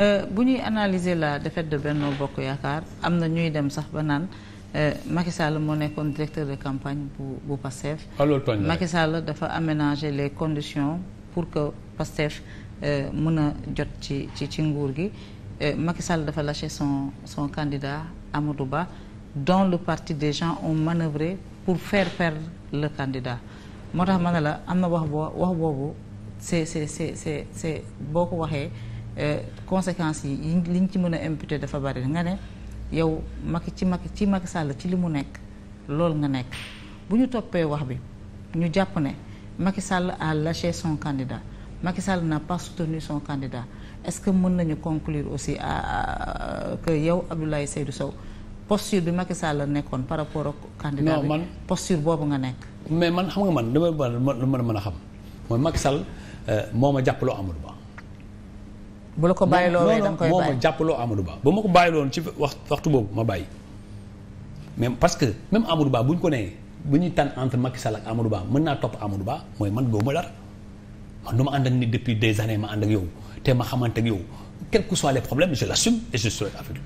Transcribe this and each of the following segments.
Euh, bu ñuy analyser la défaite de Benno Bokk Yaakaar am na ñuy dem sax ba naan euh, Macky Sall moo nekkoon directeur de campagne bu bu PASTEF. Ah, Macky Sall dafa aménager les conditions pour que PASTEF euh, mën a jot ci ci ci nguur gi Macky Sall dafa lâché son son candidat Amadou Ba dont le parti des gens ont manœuvré pour fair perdre le candidat moo tax ma ne la am na wax boo wax boobu c'est c'est c'est c'est boo ko waxee. Eh, conséquences yi liñ ci mën a imputé dafa bari nga ne yow Macky ci Macky ci Macky Sall ci li mu nekk loolu nga nekk bu ñu toppee wax bi ñu jàpp ne Macky Sall la lâché son candidat Macky Sall n'a pas soutenu son candidat est-ce que mën nañu conclure aussi à que yow Abdoulaye Seydou Sow posture bi Macky Sall nekkoon par rapport ak candidat bi man posture boobu nga nekk. mais man xam nga man dama man mën a xam mooy Macky Sall euh, moo ma jàppaloo Amadou Ba. bu la ko bàyyi loo da nga koy bàyyi moo ma jàppaloo Amadou Ba ba ma ko bàyyi loon ci wax waxtu boobu ma bàyyi même parce que même Amadou Ba bu ñu ko nee bu ñuy tànn entre Macky Sall ak Amadou Ba mën naa topp Amadou Ba mooy man góobu ma dara man du ma ànd ak nit depuis des années ma ànd ak yow te ma xamante ak yow quel que soit les problèmes je l'assume et je suis avec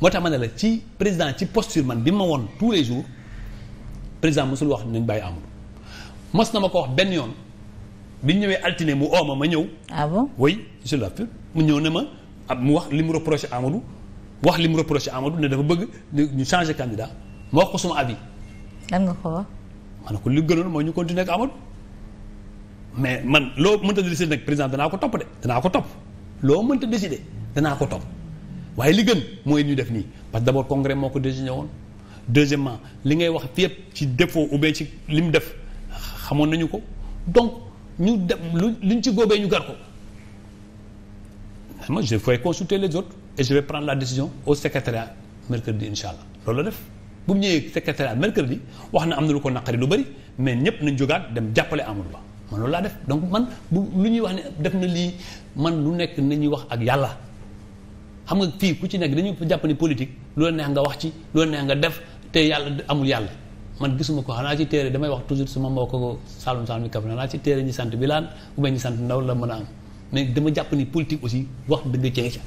moo tax ma ne la ci président ci posture man bi ma woon tous les jours président mosul wax nañ bàyyi Amadou mos na ma ko wax benn yoon. bi ñu ñëwee altine mu ooma ma ñëw. ah bon oui je mu ñëw ne ma ab ah, mu wax li mu reproché wax li mu reproché Amadou ne dafa bëgg ñu changer candidat ma wax ko suma avis. lan nga ko ko li gënoon mooy ñu continuer ak Amadou mais man loo mënta décider nag président danaa ko topp de danaa ko topp loo mënta décider danaa ko topp waaye li gën mooy ñu def nii parce que d' abord moo ko désigné woon deuxièmement li ngay wax fépp ci défaut ou bien ci li mu def xamoon nañu ko donc. ñu dem lu luñ ci góobee ñu gar ko ah, moi je vais consulter les autres et je vais prendre la décision au secrétariat mercredi incha allah loolu la def bu mu ñëwee secrétariat mercredi wax na am na lu ko naqari lu bari mais ñëpp nañ jógaat dem jàppale amul ba man loolu laa def donc man bu lu ñuy wax ne def na lii man lu nekk nañuy wax ak yàlla xam nga fii ku ci nekk dañuy jàpp ni politique lu la neex nga wax ci lu la neex nga def te yàlla amul yàlla man gisuma ko xanaa ci téere damay wax toujours suma mbokku Saloum Saloum kaf naa ci téere ñi sant Bilane ou bien ñi sant Ndaw la mën a am mais dama jàpp ni politique aussi wax dëgg cee ca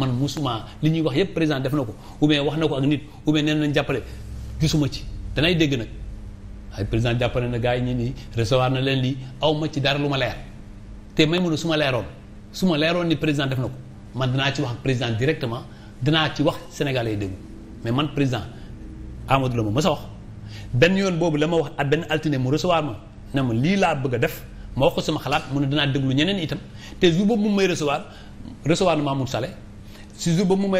man musuma li ñuy wax yépp président def na ko ou bien wax na ko ak nit ou bien nee nañ jàppale gisuma ci danay dégg nag ay président jàppale na gars yi ñi nii recevoir na leen lii awma ci dara lu ma leer te may mën a su leeroon su ma leeroon ni président def na ko man danaa ci wax président directement danaa ci wax sénégalais yi dégg mais man président Amadou la ma mës wax benn yoon boobu la ma wax ak benn altine mu recevoir ma ne ma lii laa bëgg a def ma wax ko xalaat mu ne dinaa déglu ñeneen itam te jour boobu mu may recevoir recevoir na Mamour Saleh si jour boobu mu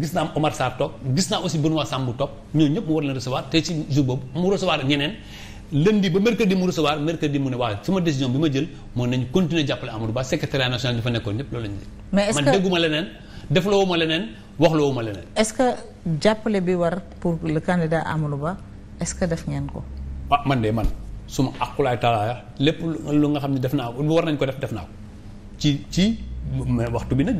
gis naa am Omar Sarr toog gis naa aussi Benoît Sambou toog ñooñu ñëpp mu war leen recevoir te si jour boobu mu recevoir ñeneen lundi ba mercredi mu recevoir mercredi mu ne waaw sama décision bi ma jël moo nañ continuer jàppale Amadou Ba secrétaire national dafa nekkoon ñëpp loolu lañu jël. mais est-ce que man dégguma leneen defloo ma leneen waxloo ma ce que jàppale bi war pour le candidat Amadou Ba. est-ce que def ngeen ko. ah man de man suma akulaay taalaaya lépp lu nga xam ne def naa ko war nañ ko def def naa ko ci ci waxtu bi nag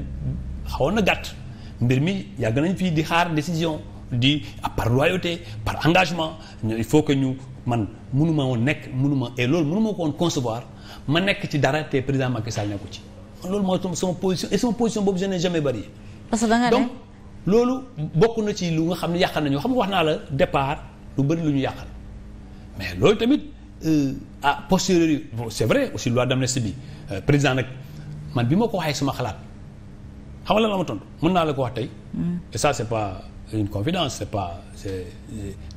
xawoon na gàtt mbir mi yàgg nañ fii di xaar décision di par loyauté par engagement il faut que ñu man mënuma woon nekk mënuma et loolu mënuma ko woon concevoir ma nekk ci dara te président Macky Sall nekku ci. loolu mooy sama position et sama position boobu je n'ai jamais varié. parce que da nga ne loolu bokk na ci lu nga xam ne yàq nañu xam wax naa la départ. lu bëri lu ñu yàqal mais loolu tamit ah posteriori bon c'est vrai aussi loi si bi euh, président nag man bi ma ko waxee suma xalaat xam nga la ma tontu mën naa la ko wax tey. Mm. et ça c'est pas une confidence c'est pas c'est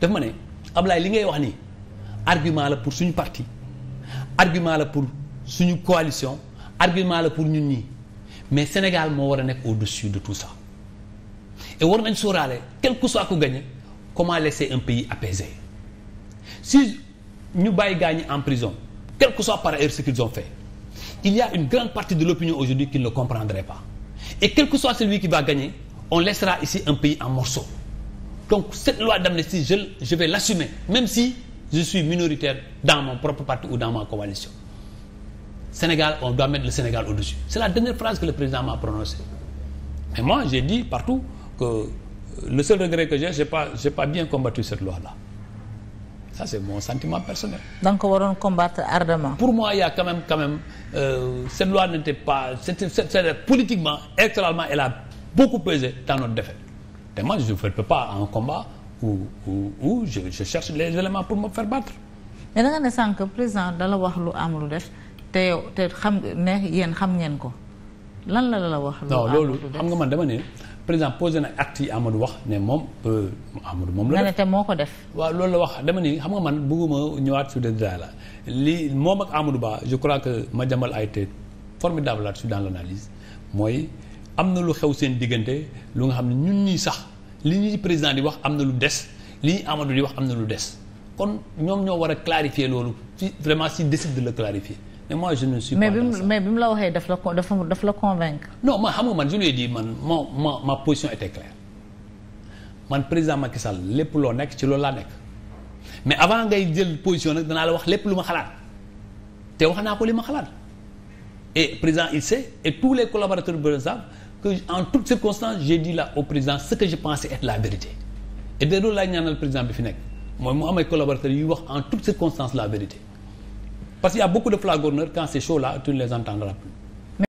ma ne Ablaye li ngay wax nii argument la pour suñu parti argument la pour suñu coalition argument la pour ñun ñii mais Sénégal moo war a nekk au-dessus de tout ça et war nañ sóoraale quel que soit ku gagné. comment laisser un pays apaisé si ñu bàyyi gars ñi en prison quel que par ailleurs ce qu'ils ont fait il y a une grande partie de l'opinion aujourd'hui qui ne le comprendrait pas et quel que soit celui qui va gagner on laissera ici un pays en morceaux donc cette loi d'amnistie je vais l'assumer même si je suis minoritaire dans mon propre parti ou dans ma coalition Sénégal on doit mettre le Sénégal au-dessus c'est la dernière phrase que le président m'a p mais le seul regret que j'ai j'ai pas j'ai pas bien combattu cette loi-là ça c'est mon sentiment personnel. donc waroon combattre ardemment. pour moi il a quand même quand même euh, cette loi n'était pas c'était c'est politiquement électoralement elle a beaucoup pesé dans notre défaite te moi je ne pas en combat où où je cherche les éléments pour me faire battre. mais nga ne sànq président dala wax lu am lu def te yow te xam ne xam ngeen ko lan la la wax. lu am lu def non man président posé na acte yi Amadou wax ne moom euh, Amadou moom la. nga ne te moo ko def. waaw loolu la wax dama ni xam nga man bëgguma ñëwaat sur des détails la li moom ak Amadou Ba je crois que ma a ay te là-dessus dans l' analyse mooy am na lu xew seen diggante lu nga xam ne ñun nii sax li ñuy président di wax am na lu des li ñuy Amadou di wax am na lu des kon ñoom ñoo war a clarifier loolu ci vraiment si décide de le clarifier. mais moi je mais mais bi mu la waxee daf la dafa daf la convaincre. non ma xam nga man je lui ai dit man ma ma ma position était claire man président Macky Sall lépp loo nekk ci loolu laa nekk mais avant ngay jël position nag danaa la wax lépp lu ma xalaat te wax naa ko li ma xalaat et président il sait et tous les collaborateurs du que en tout circonstances j'ai dit là au président ce que je pensais être la vérité et de laay ñaanal président bi fi nekk mooy mu amee ay collaborateurs yuy wax en toutes la vérité. parce qu'il y a beaucoup de flagorneurs quand c'est chaud là tu ne les entendras plus